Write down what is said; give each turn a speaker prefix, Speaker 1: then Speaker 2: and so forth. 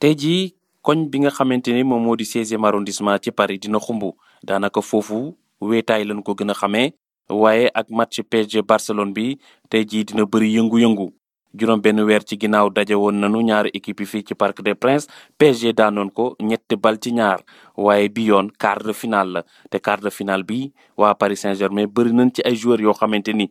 Speaker 1: tey jii koñ bi nga xamante ni moom moo di 16e ci Paris dina xumb daanaka foofu weetaay lañ ko gën a xamee waaye ak match PSG Barcelone bi tey jii dina bëri yëngu-yëngu juróom benn weer ci ginnaaw daje woon nanu ñaari équipe yi fii ci Parc des Princes PSG daanoon ko ñetti bal ci ñaar waaye bi yoon quart de final la te quart de finale bi waa Paris Saint-Germain bëri nañ ci ay joueurs yoo xamante ni